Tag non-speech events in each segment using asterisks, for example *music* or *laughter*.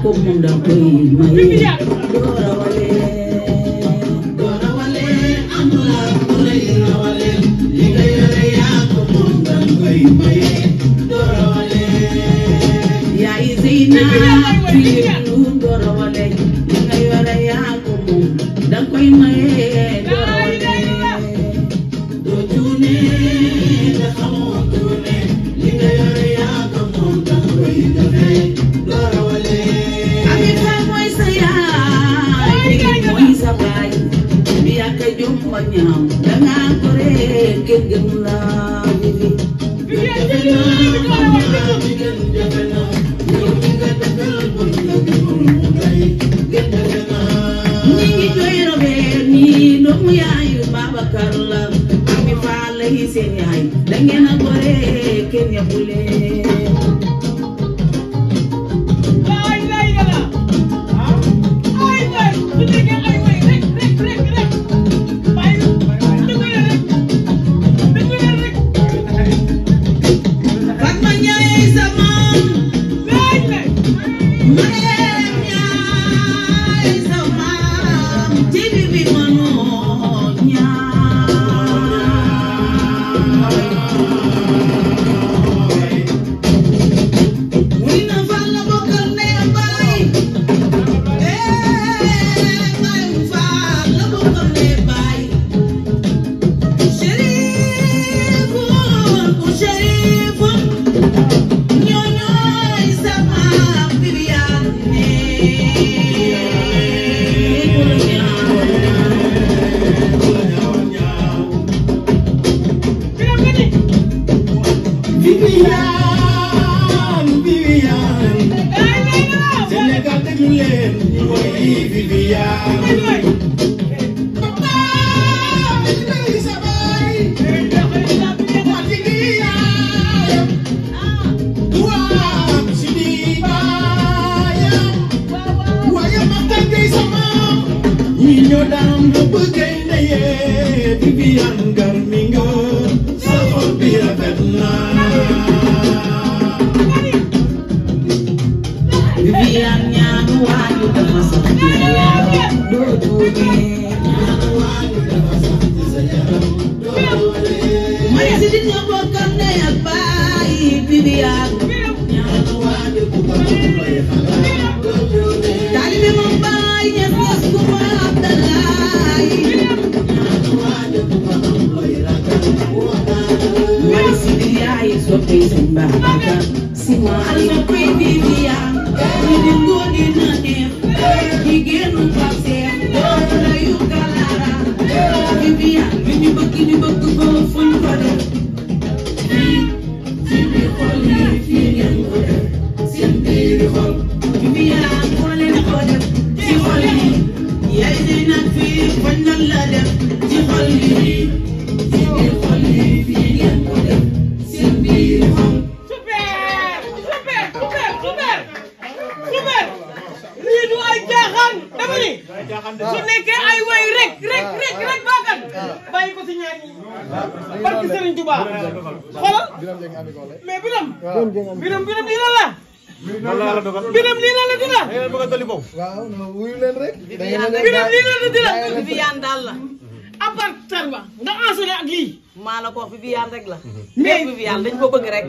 kumunda kwima dora wale dora wale amula kule wale liga yore ya kumunda kwima dora wale ya izina jigéen jëf naa jibi jigéen jëf naa jigéen jëf naa yow mi nga dëkkal bon la gëmul mu day jigéen jëf naa ñi ngi jooy Robert nii doomu yaayu Babacar la ami faala yi seen yaay da ngeen a gore kenn yabu leen Amen. Bye. su nekkee ay way rek rek rek rek baagal bàyyi ko si ñaar ñi barke Serigne Touba xoolal mais biram biram biram lii la la biram lii la la dina bëgg a dolli boobu waaw wuyu leen rek biram lii la la dina Viviane daal la à part tarba nga ensoleillé ak maa la ko wax Viviane rek la. Mhm. mais Viviane dañ ko bëgg rek.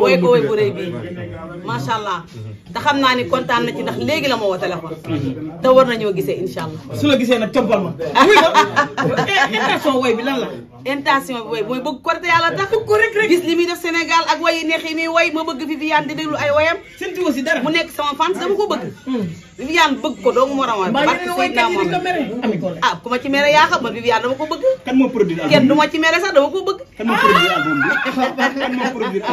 wooy ko wooy bu rëy bii mhm. xam naa ni kontaan na ci ndax léegi la ma woo téléphone. Mhm. te war nañoo gisee incha allah. su la gisee nag compal ma. *laughs* Eh, intention wooy bi lan la. intention bi mooy bëgg ko te yàlla rek rek gis li muy def Sénégal ak way yi neex yi muy way ma bëgg Viviane di déglu ay woyam. senti aussi dara mu nekk sama fan dama ko bëgg. Hmm. Viviane bëgg ko doomu morom a. parce que Seydina moom ah ku ma ci mere yaa xam Viviane dama ko bëgg. kan dama kan produire album ah. kan produire kan produire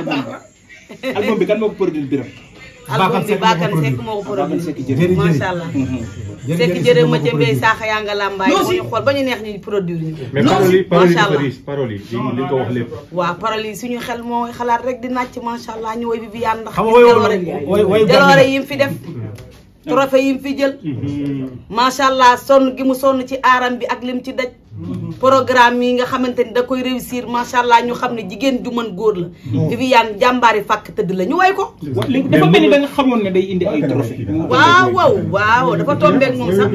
biram. produire allah. Seck jërëjëf ma nga ñu neex produire parole allah ñu bi bi yaan ndax. xam trophée yim fi jël. Mm-hmm. allah sonn gi mu sonn ci aram bi ak lim ci daj programme yi nga xamanteni da koy réussir macha allah ñu xam jigen du man goor góor la. Viviane jàmbaari fak teud la ñu way ko. dafa melni da nga xamone ne day indi ay trophée. waaw waaw waaw dafa tombeeg moom sax.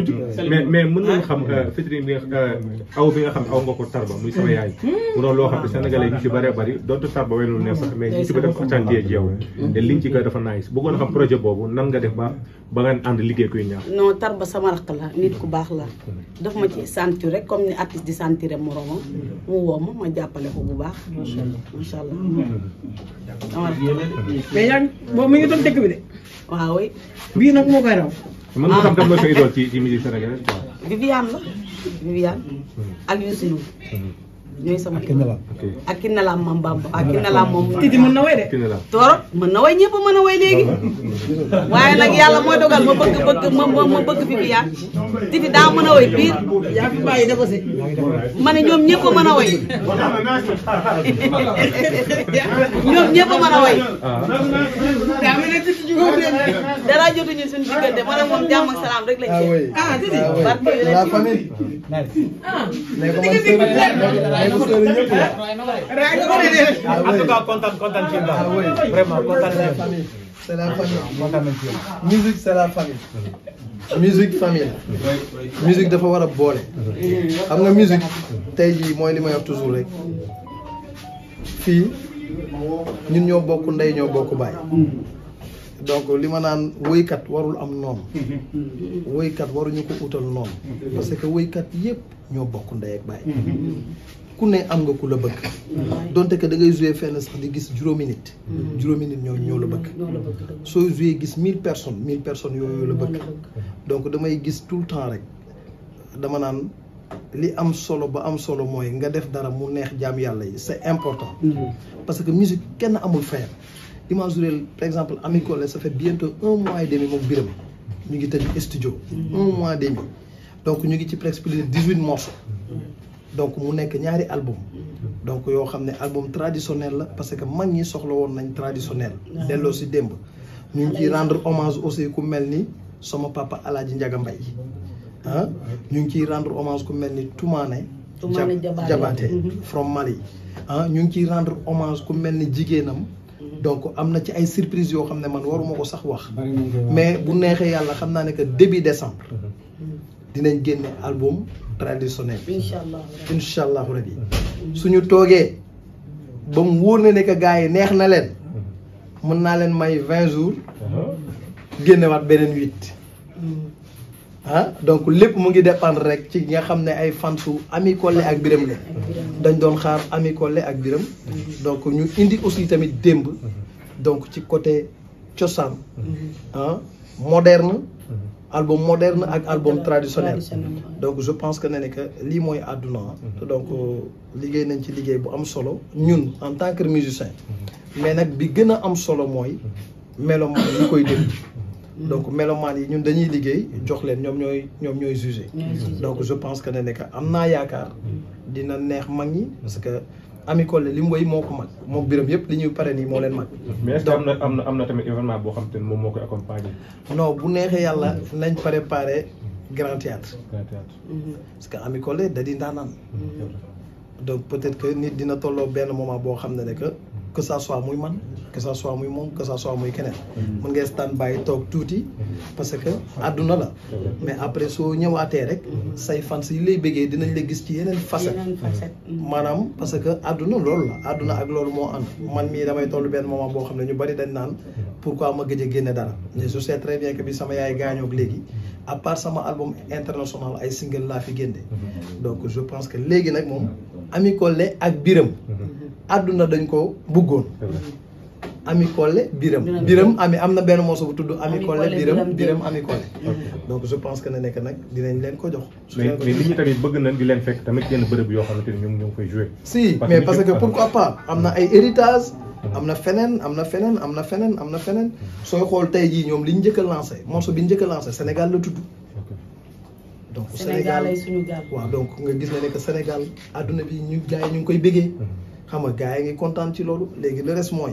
mais mais mën nañ xam euh, fitri bi nga euh, aw bi nga xam aw nga ko tarba muy sama yaay. bu hmm. do lo xam ne sénégalais ñu ci bari bari do to tarba welul ne sax mais ñu ci def ko def attendee jeew te liñ ci ko dafa nice bu bëggoon xam projet bobu nan nga def ba ba nga and liggéey koy ñaax. non tarba sama rakk la nit ku bax la daf ma ci sant rek comme ni artiste santire moromam mu woo ma ma jàppale ko bu baax macha allah mais yaa ngi moom mi ngi doon dëkk bi de waaw bii nag moo koy raw mën nga xam kan mooy sa idole ci ci musique Viviane la Viviane hmm. ak Youssou ñooy sama akinalam akinalam mam bamba akinalam moom titi mën na way de torop mën na way ñëpp mën a way léegi waaye nag yàlla mooy dogal ma bëgg bëgg ma ma bëgg fi bi hidupnya titi daa mën a way biir yaa fi bàyyi dafa si ma ne ñoom mën a way ñoom mën way dara ak rek lañ ci ah titi barke la famille ah en tout cas dafa war a boole. xam nga musique tey jii mooy li may wax toujours rek fii ñun ñoo bokk ndey ñoo bokk baay. donc li ma naan woykat warul am noonu woykat waruñu ko utal noonu parce que woykat yépp ñoo bokk ndey ak baay que da ngay jouer sax di mm. personnes personnes donc tout le temps li am solo ba am solo dara c'est important mm. parce que musique kenn amul faire Image par exemple à ça fait bientôt un mois et demi biram ñu studio mm. un mois et demi donc nous ngi ci presque 18 morceaux donc mu nek ñaari album donc yo xamné album traditionnel la parce que mag ñi soxla woon nañ traditionnel ah. delloo ci demb ñu ci rendre hommage aussi ku melni sama papa aladji Njaga Mbay ah ñu ci rendre hommage ku melni ni Toumane Jabaate mhm. from Mali hein ñu ci rendre hommage ku melni ni mhm. donc amna ci ay surprise yo xamné man warumako sax wax mais bu nexé yalla xamna né que début décembre mhm. dinañ génné album traditionnel. incha allah incha allah rabi suñu toogee ba mu wóor na ne que gars yi neex na leen mën naa leen may vingt jours génnewaat beneen wit ah donc lépp mu ngi dépendre rek ci nga xam ne ay fansu Ami Collé ak Birame la dañ doon xaar Ami Collé ak Birame donc ñu indi aussi tamit démb donc ci côté cosaan ah, moderne album moderne ak album traditionnel donc je pense que nene que lii mooy mhm. donc nous euh, nañ ci liguey bu am solo en tant que musicien mhm. mais nak bi am solo moy mhm. koy donc yi ñun dañuy liguey jox leen ñom ñoy donc je pense que nene que que Ami li mu way moo ko mag moo biram yëpp li ñuy pare nii moo leen mag. mais est am na am na tamit événement boo xam te ne moom moo koy accompagner. non bu neexee yàlla nañ préparé grand théâtre grand théâtre. Mhm. parce que Ami da di ndaanaan. Mhm. Mhm. donc peut-être que nit dina tolloo benn moment boo xam ne ne que que ça soit muy man que ça soit muy moom que ça soit muy keneen. mën ngay stand toog tuuti. parce que aduna la mais après so ñëwaatee rek say fans yi lay bëggee dinañ la gis ci yeneen facette manam parce que aduna lool la aduna ak lool mo ànd man mi damay tollu ben moment bo xamné ñu bari dañ nan pourquoi ma gëj a dara mais je sais très bien que bi sama yaay ak légui à part sama album international ay single la fi génne donc je pense que légui nak mom Ami Collé ak Biram aduna mm-hmm. dañ ko bëggoon Ami Collé Biram Biram Ami amna ben benn morceau bu tuddu Ami Collé Biram Biram Ami Collé mm-hmm. donc je pense que ne nekk nag dinañ leen ko jox mais nit ñi tamit bëgg nañ di len fekk tamit yenn bërëb yo xamante ni ñoom ñoo ngi koy joué si mais parce que pourquoi pas amna ay héritage amna fenen amna fenen amna fenen amna fenen soy xol tay ji ñom liñu tey lancer morceau Sénégal la tuddu donc Sénégal wa waaw donc nga gis na nek que Sénégal aduna bi ñu gars yi ñu koy bëggee mm-hmm. xam nga gaay ngi ci loolu légui le reste mooy